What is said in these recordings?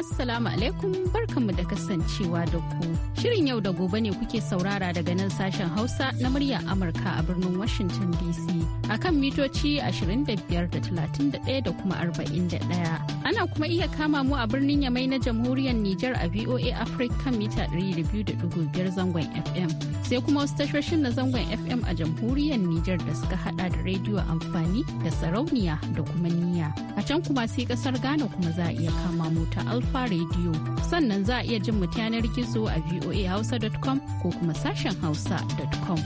assalamu alaikum mu da kasancewa da ku. Shirin yau da gobe ne kuke saurara daga nan sashen Hausa na muryar Amurka a birnin Washington DC a kan mitoci 25.31 da kuma 41. Ana kuma iya kama mu a birnin Yamai na Jamhuriyar Nijar a VOA Africa mita 200.5 zangon FM. Sai kuma wasu tashoshin na zangon FM a Jamhuriyar Nijar da suka hada da rediyo amfani da sarauniya da kuma niyya. A can kuma sai kasar Ghana kuma za a iya kama mu ta Alfa Radio. Sannan za a iya jin mu yanar gizo a voahausa.com ko kuma sashen hausa.com.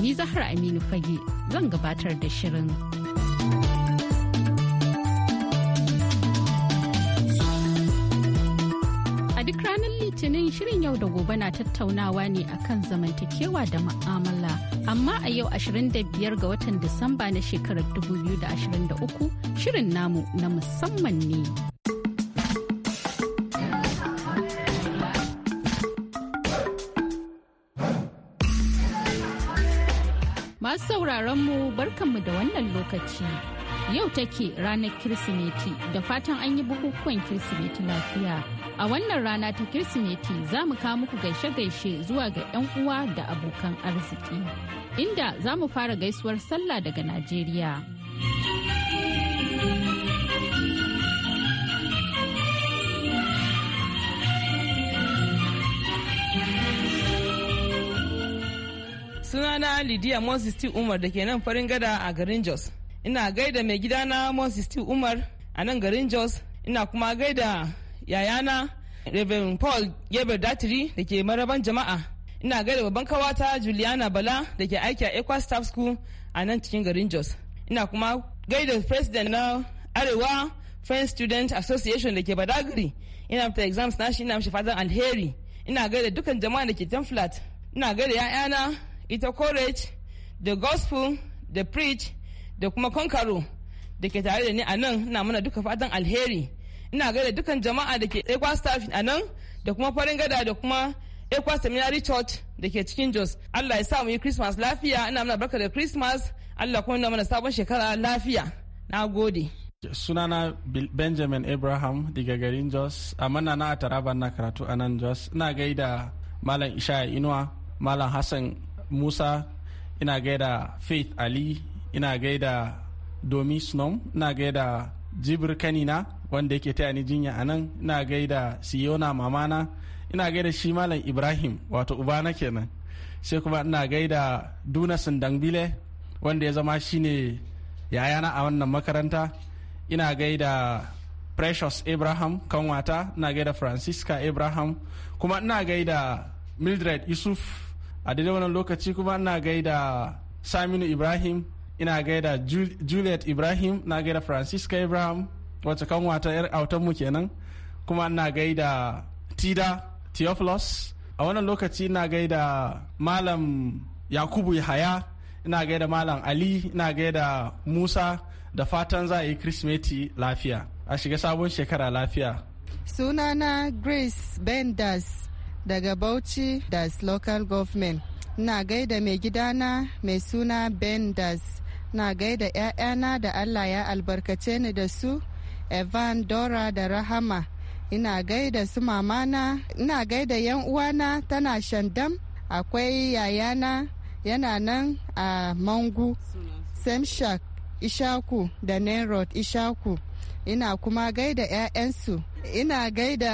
Ni Zahra Aminu Fage zan gabatar da shirin. A duk ranar Litinin shirin yau da gobe na tattaunawa ne akan zamantakewa da ma'amala. Amma a yau 25 ga watan Disamba na shekarar 2023 shirin namu na musamman ne. Masu sauraron mu barkanmu da wannan lokaci. Yau take ranar Kirsimeti da fatan an yi bukukuwan Kirsimeti lafiya. A wannan rana ta Kirsimeti za mu kawo muku gaishe-gaishe zuwa ga 'yan uwa da abokan arziki. Inda za mu fara gaisuwar sallah daga Najeriya. Sunana Lidiya Moses T. Umar da ke nan farin gada a garin Jos. Ina gaida mai gidana Moses T. Umar a nan garin Jos. Ina kuma gaida yayana Reverend Paul Geber Datiri da ke maraban jama'a. Ina gaida babban kawata Juliana Bala da ke aiki a Equa Staff School a nan cikin garin Jos. Ina kuma gaida president na Arewa French Student Association da ke Badagri. Ina fita exams nashi ina mishi fatan alheri. Ina gaida dukkan jama'a da ke Flat. Ina gaida 'ya'yana ita courage da gospel da preach da kuma konkaro da ke tare da ni a nan na mana duka fatan alheri ina gaida dukan jama'a da ke ekwa staff a nan da kuma farin gada da kuma ekwa seminary church da ke cikin jos allah ya sa mu yi christmas lafiya ina mana barka da christmas allah kuma ina mana sabon shekara lafiya na gode sunana benjamin abraham daga garin jos a mana na taraba na karatu a nan jos ina gaida malam isha inuwa malam hassan musa ina gaida faith ali ina gaida domi snom ina gaida jibir kanina wanda yake taya ni jinya a nan ina gaida siyona mamana ina gaida shi malam ibrahim wato ubana kenan sai kuma ina gaida duna sundangbile wanda ya zama shine yayana a wannan makaranta ina gaida precious abraham kanwata ina gaida francisca abraham kuma ina gaida mildred yusuf a daidai wannan lokaci kuma ina gaida saminu ibrahim ina gaida juliet ibrahim na gaida francisca ibrahim wacce wata yar autan mu kenan kuma ina gaida tida theophilus a wannan lokaci ina gaida malam yakubu yahaya ina gaida malam ali ina gaida musa da fatan za a yi kirsimeti lafiya a shiga sabon shekara lafiya sunana grace benders daga Bauchi das local government. Na gaida mai gidana mai suna Ben das. Na gaida 'ya'yana da Allah ya albarkace ni da su, Evan, Dora da Rahama. Ina gaida su mamana, ina gaida 'yan uwana tana shandam, akwai yayana yana nan a Mangu, Semshak, Ishaku da Nenrod Ishaku. Ina kuma gaida 'ya'yansu, ina gaida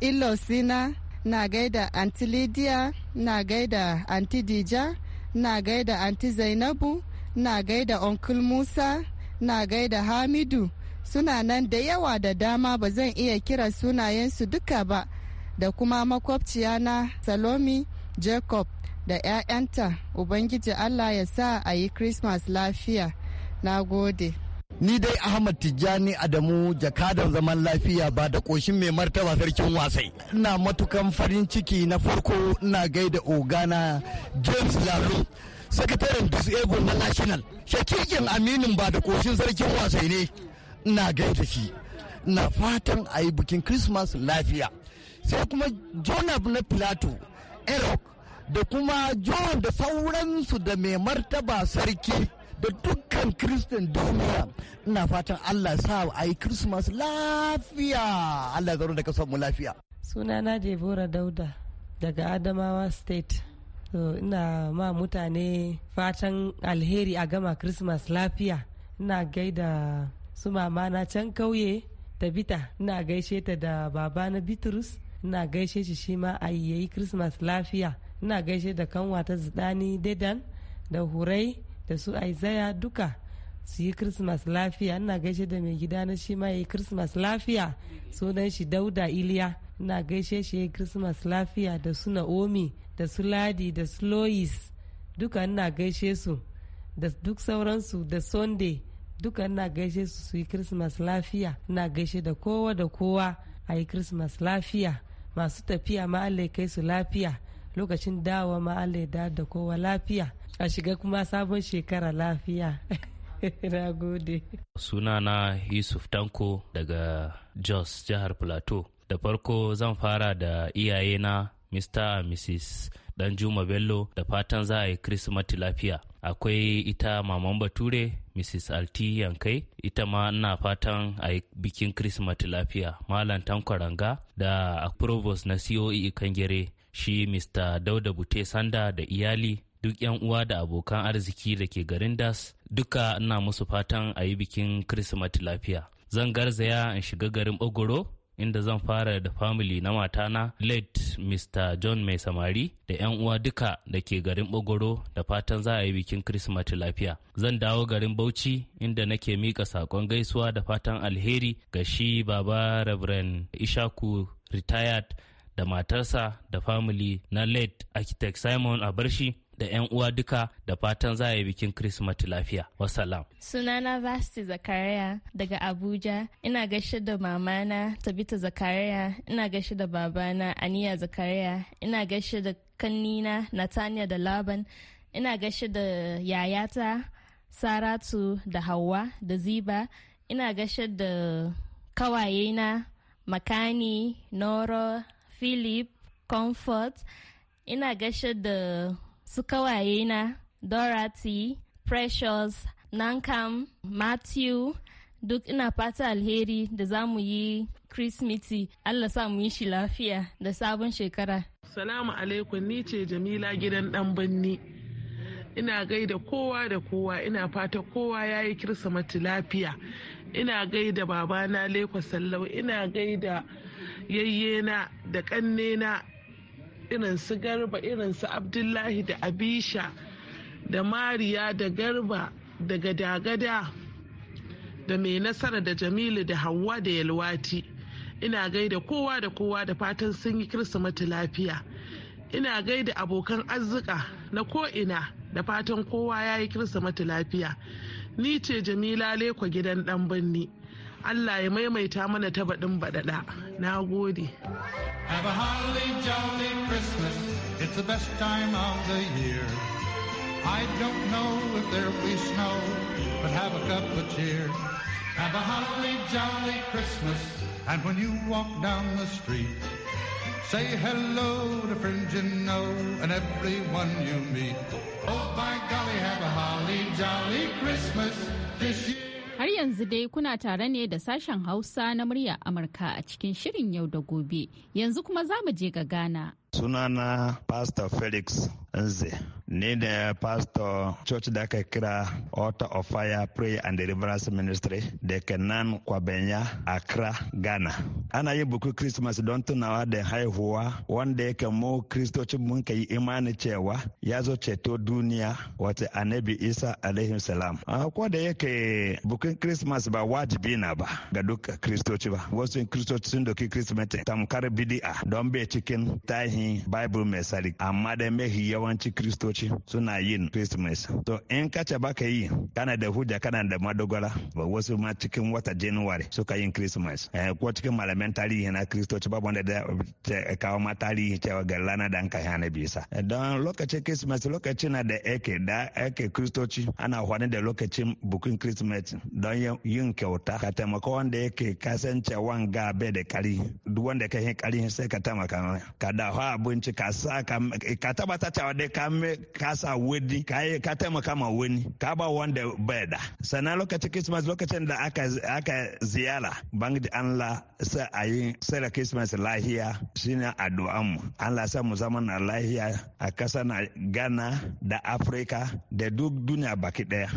ilosina. na gaida anti lidiya na gaida anti dija na gaida anti zainabu na gaida onkul musa na gaida hamidu suna nan da yawa da dama ba zan iya kira sunayensu duka ba da kuma makwabciya na salomi jacob da 'ya'yanta ubangiji allah ya sa a yi christmas lafiya na gode ni dai ahmad tijjani adamu jakadan zaman lafiya ba da ƙoshin mai martaba sarkin wasai ina matukan farin ciki na farko ina gaida ogana james Lalu, sakataren disabled na national shakikin aminin ba da ƙoshin sarkin wasai ne ina gaida shi na fatan a yi bikin christmas lafiya sai kuma jonab na plato erok da kuma john da sauransu da mai martaba sarki da dukkan kristin duniya ina fatan allah sa a yi christmas lafiya allah zaro da kasar mu lafiya sunana jebora dauda daga adamawa state so, ina ma mutane fatan alheri a gama christmas lafiya ina gaida su mamana can kauye ta bita ina gaishe ta da baba na bitrus ina gaishe shi shi ma a yi christmas lafiya ina gaishe da kanwata ta zidani dedan da hurai da su aizaya duka su yi christmas lafiya ina gaishe da mai gida na shi ma yi christmas lafiya sunan shi dauda iliya ina gaishe shi yi christmas lafiya da su naomi da su ladi da su lois duka ina gaishe su da duk sauransu da sunday duka ina gaishe su su yi christmas lafiya ina gaishe da kowa da kowa a yi christmas lafiya masu tafiya ma kai su lafiya lokacin dawa ma da kowa lafiya a shiga kuma sabon shekara lafiya na gode na yusuf tanko daga jos jihar plateau da farko zan fara da iyayena mr and mrs dan juma bello da fatan za a yi kirsimati lafiya akwai ita maman bature mrs alti yankai ita ma ina fatan a yi bikin kirsimati lafiya malam tankwaranga da provost na coe kangere shi mr dauda bute sanda da iyali duk yan uwa da abokan arziki da ke garin das duka ina musu fatan a yi bikin kirsimati lafiya zan garzaya in shiga garin ogoro inda zan fara da famili na matana late mr john mai samari da 'yan uwa duka da ke garin bogoro da fatan za a yi bikin kirsimati lafiya zan dawo garin bauchi inda nake mika sakon gaisuwa da fatan alheri ga shi baba reverend ishaku retired da matarsa da famili na late architect simon barshi. da 'yan uwa duka da fatan za a yi bikin Kirsimeti lafiya. Wasalam. Sunana Vasti Zakariya daga Abuja, ina gaishe da mamana Tabita Zakariya, ina gaishe da babana Aniya Zakariya, ina gaishe da kannina natania da Laban, ina gaishe da yayata Saratu da Hauwa da Ziba, ina gaishe da kawayena Makani, Noro, Philip, Comfort, ina gaishe da su kawaye na Dorothy, Precious, Nankam, Matthew, duk ina fata alheri da za mu yi Kirsimeti Allah sa mu yi shi lafiya da sabon shekara. Salamu alaikum ni ce Jamila gidan ɗan birni. Ina gaida kowa da kowa ina fata kowa ya yi Kirsimeti lafiya. Ina gaida babana Lekwa Sallau ina gaida yayyena da kannena. irin su garba irin su abdullahi da abisha da mariya da garba da gada da mai nasara da jamilu da hawa da yalwati ina gaida kowa da kowa da fatan sun yi kirsimati lafiya ina gaida abokan arzika na ko'ina da fatan kowa ya yi kirsimati lafiya ni ce jamila leko gidan dan birni Allah ya maimaita mana ta baɗin baɗaɗa. Na gode. Have a holly jolly Christmas, it's the best time of the year. I don't know if there'll be snow, but have a cup of cheer. Have a holly jolly Christmas, and when you walk down the street, say hello to friends you know and everyone you meet. Oh, by golly, have a holly jolly Christmas this year. Har yanzu dai kuna tare ne da sashen Hausa na murya Amurka a cikin shirin yau da gobe. Yanzu kuma za mu je ga Ghana. Sunana Pastor Felix Nze, ni da Pastor Church da aka kira Altar of Fire Prayer and Deliverance Ministry da ke nan Kwabenya, Accra, Ghana. Ana yi buku Christmas don tunawa da haihuwa wanda yake mu Kristocin mun ka yi imani cewa ya zo ceto duniya wata Annabi Isa alaihim salam. Ko da yake bukin Christmas ba wajibi na ba ga duk Kristoci ba. Wasu Kristoci sun doki Christmas tamkar bidi'a don bai cikin tahi ainihin bible mai sari amma dai mafi yawanci kristoci suna yin christmas to in kace baka yi kana da hujja kana da madogara wasu ma cikin wata january suka yin christmas eh, ko cikin malaman tarihi na kristoci babu wanda da eh, kawo ma tarihi cewa ga da an hana bisa eh, don lokacin christmas lokaci na da ake da ake kristoci ana hwani da lokacin bukin christmas don yin kyauta ka taimaka wanda yake kasancewa ga bai da kari duk wanda ka yi kari sai ka taimaka ka da za a bincika sa ka tabbata cewa dai ka ka sa wani ka ka taimaka ma wani ka ba wanda bai da sannan lokacin christmas lokacin da aka aka ziyara bangi Allah sai ayi yi sai christmas lahiya shine addu'an mu Allah sa mu zama na lahiya a kasa na Ghana da Africa da duk duniya baki daya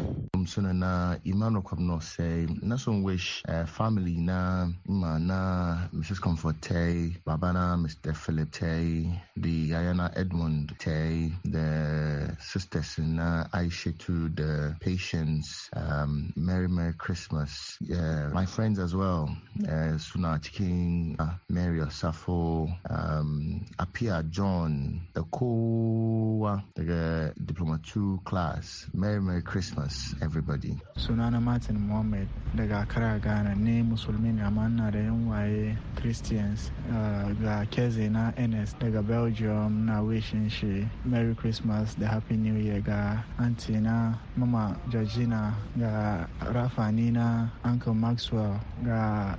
suna na Emmanuel Kwamno sai na son wish eh, family na ma na Mrs. Comfort Tay baba na Mr. Philip Tay The Ayana Edmond, Tay, the yi da sisters na aishatu da patience um, merry merry christmas my friends as well uh, King, cikin uh, mary osafo um, apia john the kowa daga uh, diploma 2 class merry merry christmas everybody sunana martin mohammed the accra ghana ne musulmi ne amma ina da christians ga keze ns daga belgium na wishin shi merry christmas da happy new year ga anti na mama georgina ga rafani na uncle maxwell ga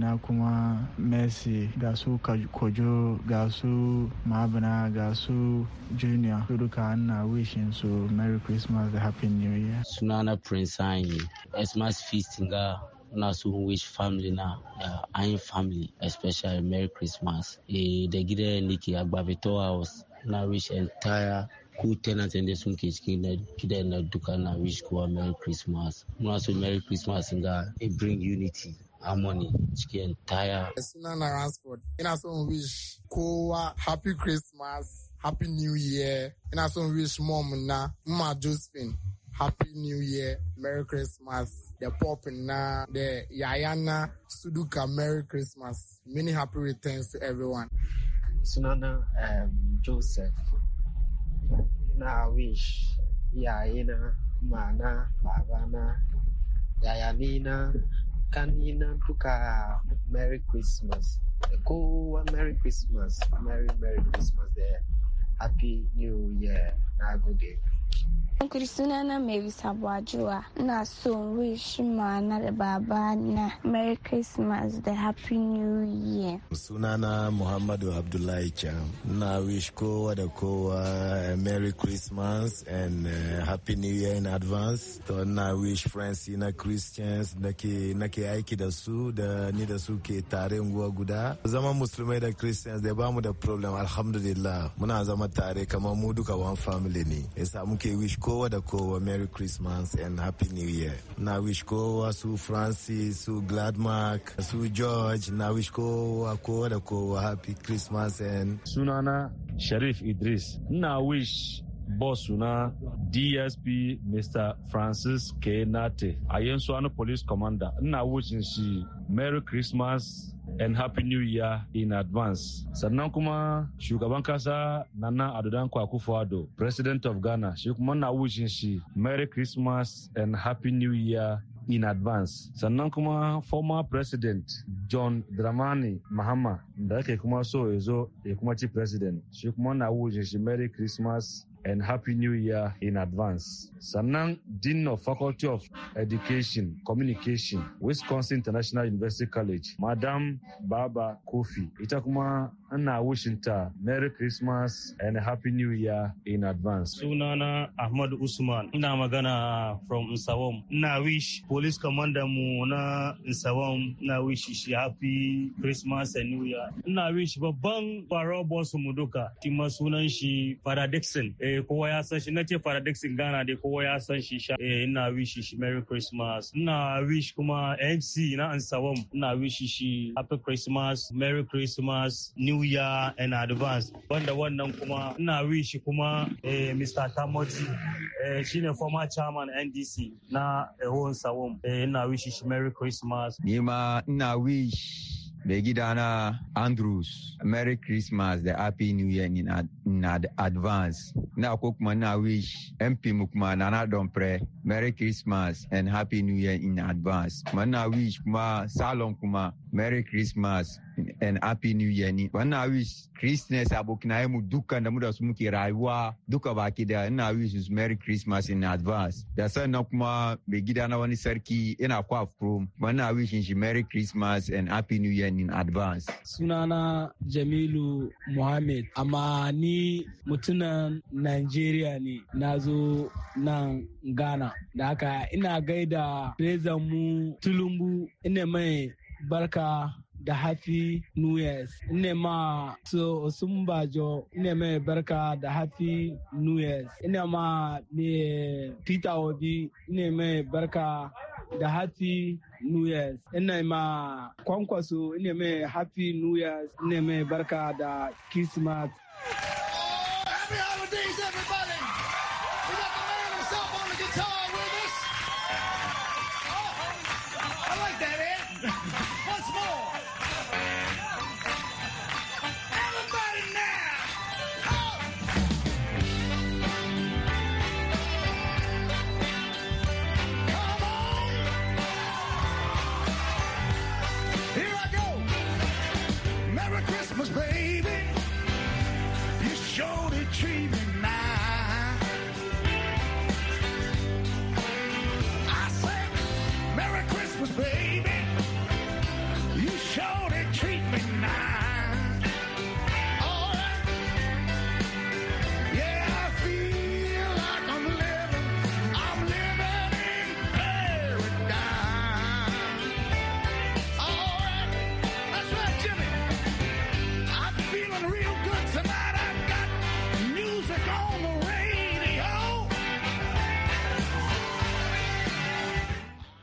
na kuma mercy ga su kojo ga su mabana ga su junior duka na wishin su merry christmas da happy new year sunana prince anyi xmas feasting ga Nas wish family now, uh, I'm family, especially Merry Christmas. Uh, the Gide Niki Agbabito House now wish entire cool tenants and the sun kitchen na Duka now wish kwa Merry Christmas. Nasu Merry Christmas nga it bring unity. harmony cikin entire. Sunana Ransford, ina wish kwa happy Christmas, happy new year, ina wish mom na, Mma Josephine, Happy New Year, Merry Christmas, the Popina, the Yayana, Suduka, Merry Christmas. Many happy returns to everyone. Sunana um, Joseph. Na wish Yayana, Mana, Babana, Yayanina, Kanina, Duka, Merry Christmas. Go Merry Christmas, Merry Merry Christmas there. Happy New Year, na good day. sunana mai bisa bajuwa ina so wish ma'anar baba na merry christmas da happy new year sunana muhammadu abdullahi can na wish kowa da kowa merry christmas and uh, happy new year in advance to na wish friends na christians ke aiki da su da ni da su ke tare unguwa guda zama musulmai da christians da bamu da problem alhamdulillah muna zama tare kamar mu duka one family ne yasa muke wish ko kowa da kowa merry christmas and happy new year na wish kowa su francis su gladmark su george na wish kowa kowa da kowa happy christmas and sunana sharif idris na wish boss na dsp mr francis k nate a yanzu police commander ina wish shi merry christmas and happy new year in advance sannan kuma shugaban kasa nana adodanko akufo president of ghana shi kuma na shi merry christmas and happy new year in advance sannan kuma former president john dramani mahama da ake kuma so ya zo ya kuma ci president shi kuma na shi merry christmas and Happy New Year in advance. Sannan Dean of Faculty of Education, Communication, Wisconsin International University College, Madam Baba Kofi, ita kuma ina ta Merry Christmas and Happy New Year in advance. Sunana Ahmadu Usman, ina magana from Nsawam. Ina wish police commander mu na Nsawam, ina wish shi Happy Christmas and New Year. Ina wish babban baro boss mu duka, tima sunan shi Fara Dixon. Eh, kowa ya san shi, nace Fara Dixon Ghana dai kowa ya san shi sha. Eh, ina wish shi Merry Christmas. Ina wish kuma MC na Nsawam, ina wish shi Happy Christmas, Merry Christmas, New new year in advance wanda wannan kuma ina wishi kuma eh, mr tamoti eh, ne former chairman ndc na ehon sawom eh, ina wishi shi merry christmas nima ina wish mai gidana andrews merry christmas da happy new year in advance na da advance na ko kuma na wish mp mu kuma na na don pre merry christmas and happy new year in advance kuma na wish kuma salon kuma merry christmas and happy new year ni na wish christmas abokinaye mu dukkan da mu da su muke rayuwa duka baki da ina wish su merry christmas in advance da sannan kuma mai gida na wani sarki ina kwa from na wish shi merry christmas and happy new year in advance sunana jamilu muhammad amma ni mutunan Najeriya ne na zo nan Ghana. Da haka ina gaida mu Tulumbu ina mai barka da hafi new years ina ma so osun bajo ina mai barka da hafi new years ina ma ne peter obi ina mai barka da hafi new years ina ma kwankwaso ina mai hafi new years ina mai barka da christmas these, everybody. We got the man himself on the guitar with us. Oh, I like that, Ed.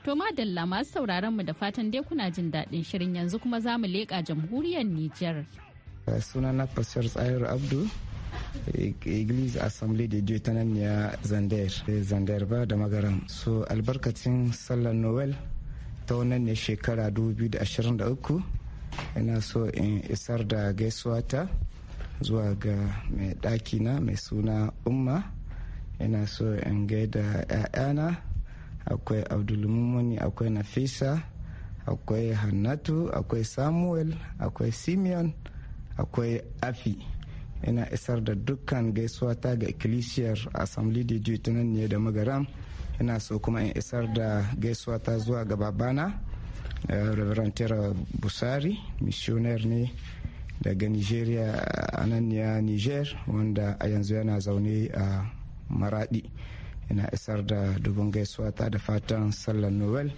To madalla masu sauraron mu da fatan dai kuna jin daɗin shirin yanzu kuma za mu leƙa jamhuriyar Nijar. na Fasiyar Tsayar Abdu, Iglis e-, Assembly da Dieu ta nan ya Zander, e, Zander ba da magaran. So albarkacin sallar Noel ta wannan ne shekara 2023 ina so in isar da gaisuwa ta zuwa ga mai ɗakina mai suna Umma. Ina so in gaida 'ya'yana akwai abdulmumani akwai nafisa akwai hannatu akwai samuel akwai simeon akwai afi ina isar da dukkan gaisuwa ta ga ikkilisiyar assembly da dieu ne da magaram ina so kuma in isar da gaisuwa ta zuwa ga babana eh, reverend tera busari missioner ne daga nigeria a nan niger wanda a yanzu yana zaune a maradi ina isar da dubin gaisuwa ta da fatan sallar noel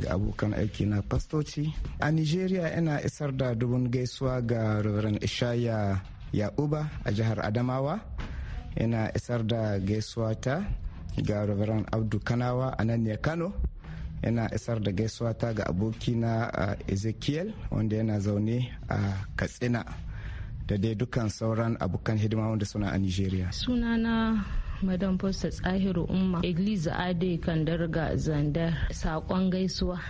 ga abokan aiki na fastoci a nigeria ina isar da dubin gaisuwa ga reverend ishaya yakuba a jihar adamawa ina isar da gaisuwa ta ga reverend abdu kanawa a nan ne kano ina isar da gaisuwa ta ga abokina ezekiel wanda yana zaune a katsina da dai dukan sauran abokan hidima wanda suna a nigeria sunana madam fosta tsahiru umma igliza ade kan darga zandar sakon gaisuwa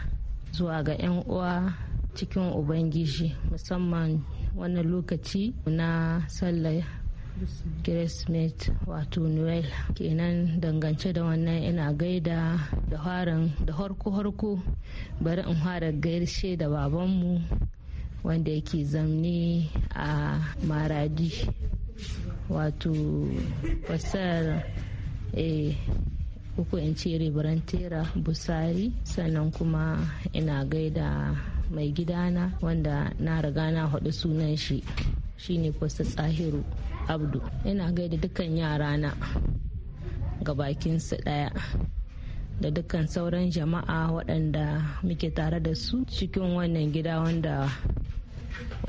zuwa ga 'yan uwa cikin ubangiji musamman wani lokaci na sallah christmas wato Noel kenan dangance da wannan ina gaida da harin da harko-harko bari in fara gaishe da babanmu wanda yake zamne a maradi wato wasar eh, uku in ce ribarantera busari sannan kuma ina gaida mai gidana wanda na riga na haɗu sunan shi shine fasa tsahiru abdu ina gaida dukkan yarana ga bakinsu ɗaya da dukkan sauran jama'a waɗanda muke tare da su cikin wannan gida wanda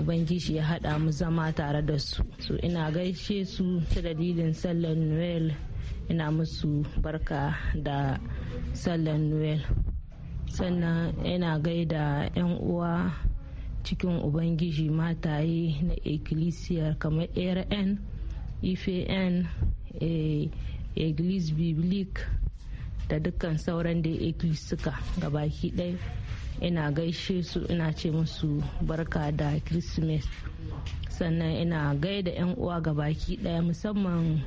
ubangiji ya haɗa mu zama tare da su so ina gaishe su ta dalilin sallar noel ina musu barka da sallar noel sannan ina gaida 'yan uwa cikin ubangiji mataye na ikkilisiyar kamar arn ifan e eh, eglis biblik da dukkan sauran da eklis suka gabaki ɗaya ina gaishe su ina ce musu barka da christmas sannan ina gaida 'yan uwa ga baki daya musamman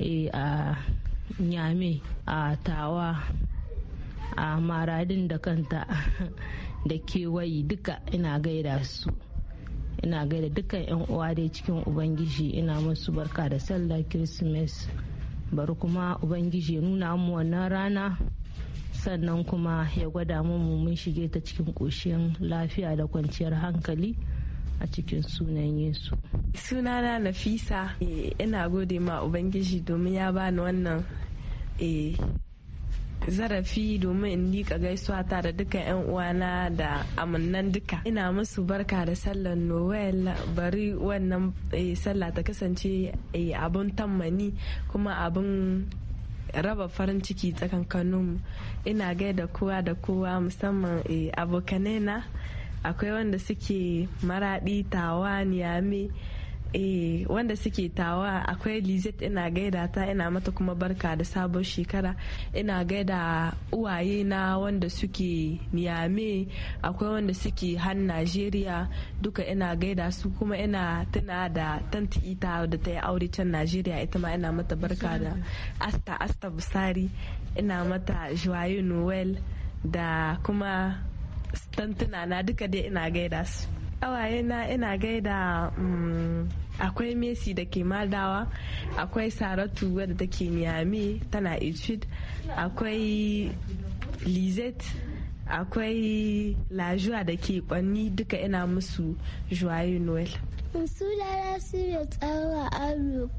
eh, a nyame a tawa a maradin da kanta da kewayi duka ina gaida su ina gaida dukkan 'yan uwa dai cikin ubangiji ina musu barka da sallah christmas bari kuma ubangiji nuna mu wannan rana sannan kuma ya gwada mu mun shige ta cikin koshin lafiya da kwanciyar hankali a cikin sunan yesu sunana nafisa eh, ina gode ma ubangiji domin ya bani wannan eh, zarafi domin in liƙa gaisuwa ta da duka 'yan uwana da amannan duka ina musu barka da sallar noel bari wannan eh, sallah ta kasance abin tammani kuma abin raba farin ciki tsakankanin ina da kowa da kowa musamman eh, abokanai na akwai wanda suke maradi tawa niyame eh wanda suke tawa akwai lizet ina gaida ta ina mata kuma barka da sabon shekara ina gaida uwaye na wanda suke niyame akwai wanda suke har najeriya duka ina gaida su kuma ina tuna da tanti ita da ta yi aure can najeriya ita ma ina mata barka da asta asta busari ina mata joyeux noel da kuma tantuna na duka dai ina gaida su awaye na ina gaida mm, akwai messi da ke madawa akwai saratu wadda take niyame tana etude akwai lizette akwai lajua da ke kwanni duka ina musu joyeux noel sunana su da tsawa aro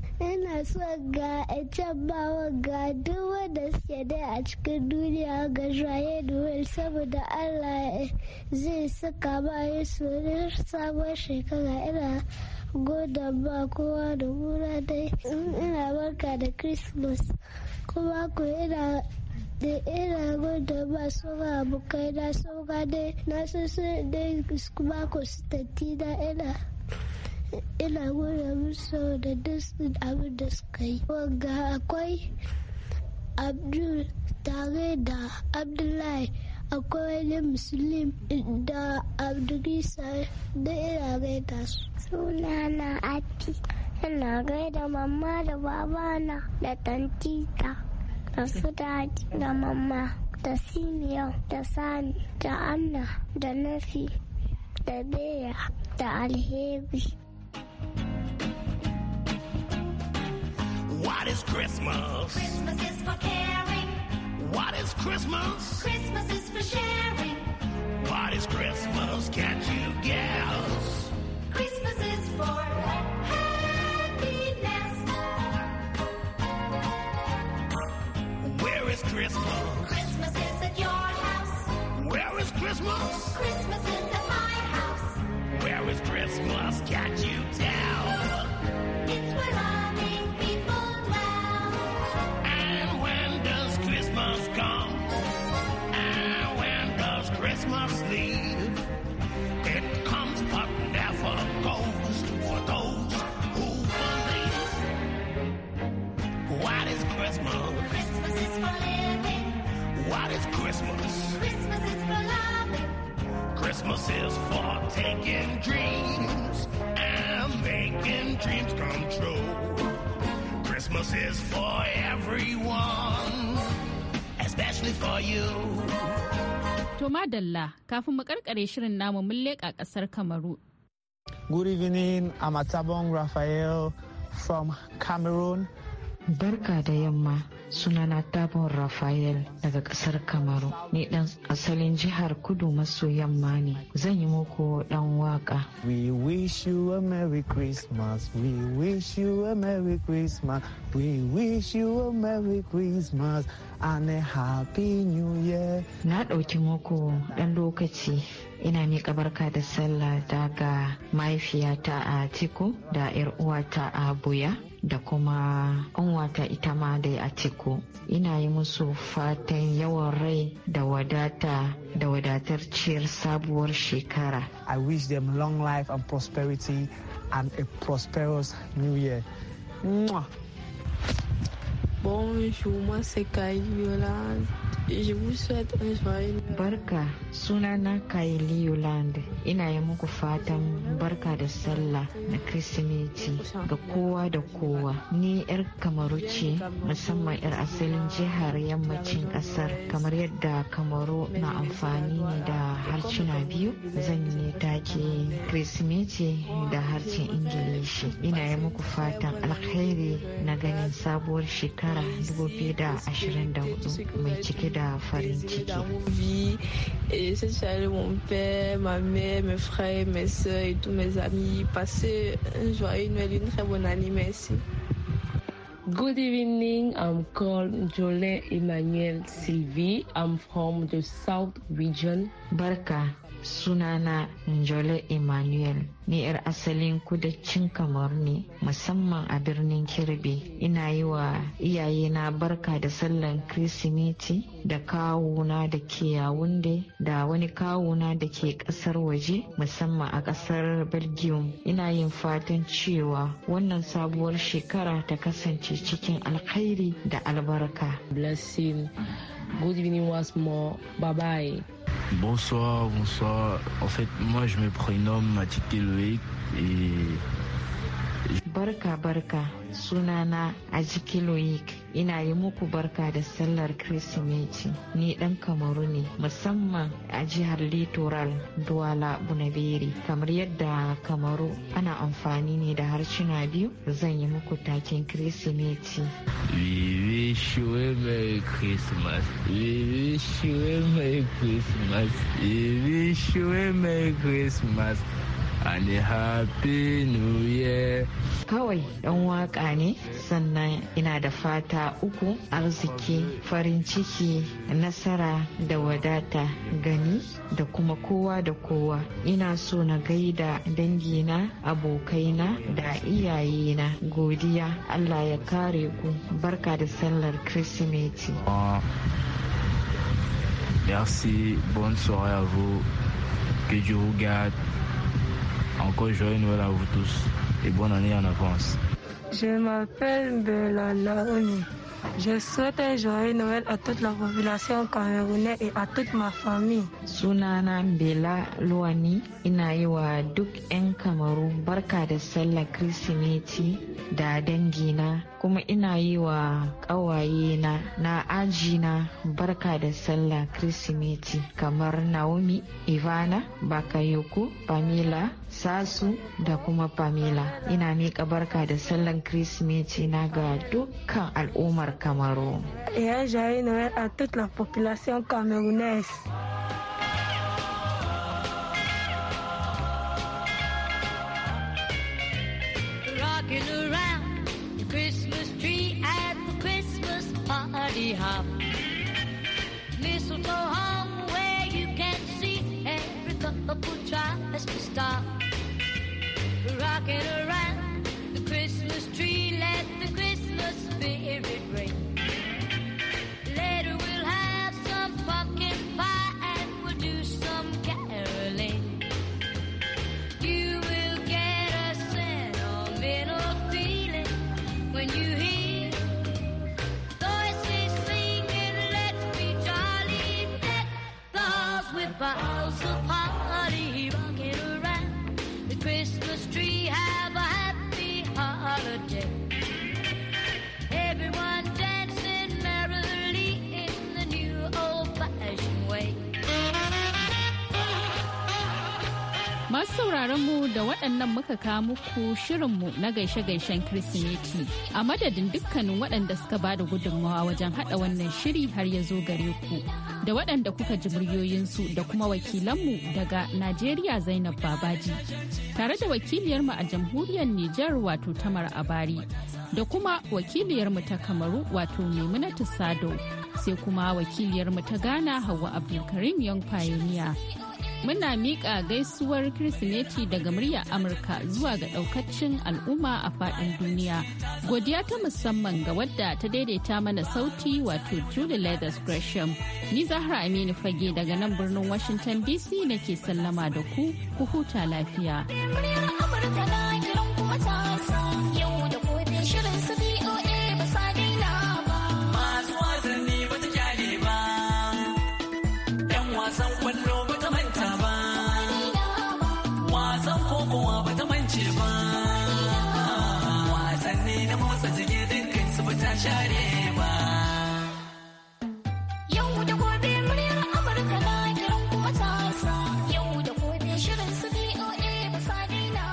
kasuwar ga can bawa ga duk wanda suke dai a cikin duniya ga da duwel saboda allah zai saka ya su sabon shekara ina goda ba kowa da muna dai ina barka da christmas kuma ku ina da ina goda ba sauran abokai na sauka dai na sun dai kuma ku su tattina ina ina gode musu da duk abin da suka yi wanga akwai abdul tare da abdullahi akwai wani musulun da abdulisa da ina gaida su suna na ati ina gaida mamma da babana da tantita da su daji da mamma da simiyau da sani da anna da nafi da beya da alheri What is Christmas? Christmas is for caring. What is Christmas? Christmas is for sharing. What is Christmas? Can't you guess? Christmas is for happiness. Where is Christmas? Christmas is at your house. Where is Christmas? Christmas is at my house. Where is Christmas? Can't you tell? Christmas. Christmas is for loving. Christmas is for taking dreams and making dreams come true. Christmas is for everyone, especially for you. To Madalla, kafin mu karkare shirin namu mun leƙa ƙasar Kamaru. Good evening, I'm Atabong Raphael from Cameroon. Barka da yamma sunana Tabon Rafael daga kasar Kamaru. Ni dan asalin jihar kudu maso yamma ne. Zan yi muku dan waka. We wish you a Merry Christmas. We wish you a Merry Christmas. We wish you a Merry Christmas and a Happy New Year. Na ɗauki muku dan lokaci ina miƙa barka da sallah daga mahaifiyata a Tiku da 'yar uwata a Buya. da kuma unwata ita ma dai a ciko ina yi musu fatan yawan rai da wadata da wadatarciyar sabuwar shekara i wish them long life and prosperity and a prosperous new year Mwah. Bonjour, moi c'est Kayola. Je vous souhaite un joyeux barka sunana kaili yolande ina yi muku fatan barka da sallah na kirsimeti ga kowa da kowa ni yar kamaru ce musamman yar asalin jihar yammacin kasar kamar yadda kamaru na amfani ne da harcina biyu zan yi take kirsimeti da harshen ingilishi ina yi muku fatan alkhairi na ganin sabuwar shekara 2024 mai cike da farin ciki Et cette mon père, ma mère, mes frères, mes soeurs et tous mes amis. Passez une joyeux Noël, une très bonne année. Merci. Good evening. I'm called Jolene Emmanuel Sylvie. I'm from the South region. Barca. sunana Njole Emmanuel ne 'yar asalin kudancin kamar ne musamman a birnin Kirbi ina yi wa iyayena barka da sallan Kirsimeti da kawuna da ke yawunde da wani kawuna da ke kasar waje musamman a kasar Belgium ina yin fatan cewa wannan sabuwar shekara ta kasance cikin alkhairi da albarka. Blessing. Good evening once more. Bye bye. Bonsoir, bonsoir. En fait, moi, je me prénomme Mathilde Loïc et Barka barka sunana a Jikiloyik ina yi muku barka da sallar Kirsimeti ni dan Kamaru ne musamman a jihar Litoral Duwala Bunaberi kamar yadda Kamaru ana amfani ne da harshina biyu zan yi muku takin Kirsimeti. We wish you a Merry Christmas. We wish you a Merry Christmas. We wish you Christmas. ani happy new year. Kawai ɗan waka ne sannan ina da fata uku arziki farin ciki nasara da wadata gani da kuma kowa da kowa ina so na gaida dangina abokaina da iyayena godiya Allah ya kare ku barka da sallar kirsimeti. Merci, bonne soirée à vous. Que Dieu vous garde. Encore joyeux Noël à vous tous et bonne année en avance. Je m'appelle Bella Lawani. Je souhaite un joyeux Noël à toute la population camerounaise et à toute ma famille. Sunana Bella Luani ina duk barka da crise kuma ina yi wa ƙawaye na na aji na barka da sallah kirsimeti kamar naomi ivana bakayoko pamela sasu da kuma pamela ina miƙa barka da sallan kirsimeti na ga dukkan al'ummar kamaru ya jayi na a la population camerounaise. promise to stop rocking waɗannan muka kawo muku shirinmu na gaishe-gaishen Kirsimeti a madadin dukkanin waɗanda suka ba da gudunmawa wajen haɗa wannan shiri har ya zo gare ku. Da waɗanda kuka ji muryoyinsu da kuma wakilanmu daga Najeriya Zainab Babaji, tare da wakiliyarmu a jamhuriyar Nijar wato Tamar Abari, da kuma wakiliyarmu ta Kamaru wato Maimunatu Sado, sai kuma wakiliyarmu ta Ghana Hauwa Abdulkarim Young Pioneer. Muna miƙa gaisuwar Kirsimeti daga murya Amurka zuwa ga ɗaukacin al'umma a faɗin duniya. Godiya ta musamman ga wadda ta daidaita mana sauti wato Julie Leathers Gresham. Ni Zahra Aminu Fage daga nan birnin Washington DC nake sallama da ku, ku huta lafiya.